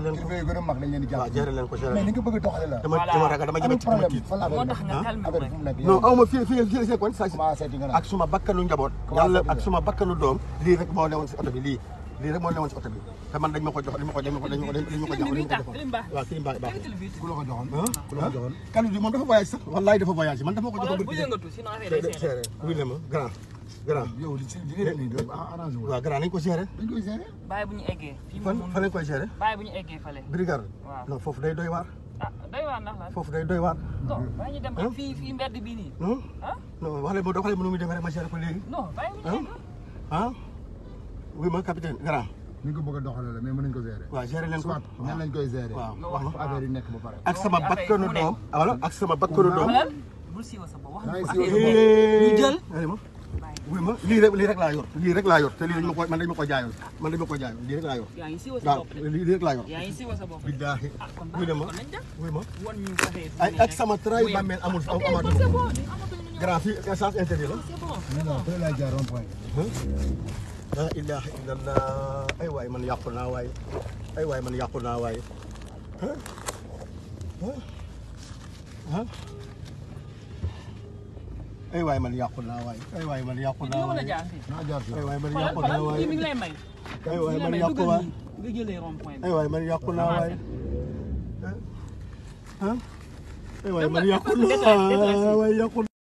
géré leen ko gën a mag dañ leen di jàpp géré leen ko géré mais ni nga bëgg a doxale la dama dama ragal dama jëm ci dama tiit moo tax nga calme rek non aw ma fii fii fii seen koñ ak suma bakkanu njaboot yàlla ak suma bakkanu doom lii rek moo newoon si oto bi lii lii rek moo newoon si oto bi te man dañ ma ko jox dañ ma ko dañ ma ko dañ ma ko dañ ma ko jox waaw kilim baax baax ku la ko joxoon ah? ku la ko joxoon kalu bi moom dafa voyage sax wallaay dafa voyage man dafa ko joxoon bu yëngatu sinon affaire yi seere wuy le ma grand grand yow li ci li ngeen di def ah, arrangé wu. ko gérer. nañ ko gérer. bàyyi foofu day doy waar. Ah, foofu day doy waar. non bàyyi fii fii mbedd bii nii. ah non wax leen ma doxalee mënu muy demee rek ma gérer ko léegi. non bàyyi bu ma capitaine grand. ni nga ko mais mën nañ ko gérer. waaw gérer ko soit nan lañ koy gérer. waaw wax nga ba pare. ak sama bakkanu doom. wala ak sama bakkanu doom. bul siiwa wuy ma lii rek lii rek laa yor lii rek laa yor ma ko man dañ ma ko jaayoon man dañ ma ko jaayoon lii rek laa yor. yaa ngi siiwa sa bopp de lii rek laa yor. yaa ngi sa bopp de billaahi. wuy ah, ma wuy ma ay ak sama trahi ba mel amul amatu ma grand fii essence interdit la. laa ilaaha illallah ay waay man yàqu na waay ay waay man yàqu naa waay ah ah. ay waay man yàqu naa waay ay waay man yàqu naa waay ay waay man yàqu naa waay ay waay man yàqu waay ay waay man yàqu naa waay ay waay man yàqu naa waay yàqu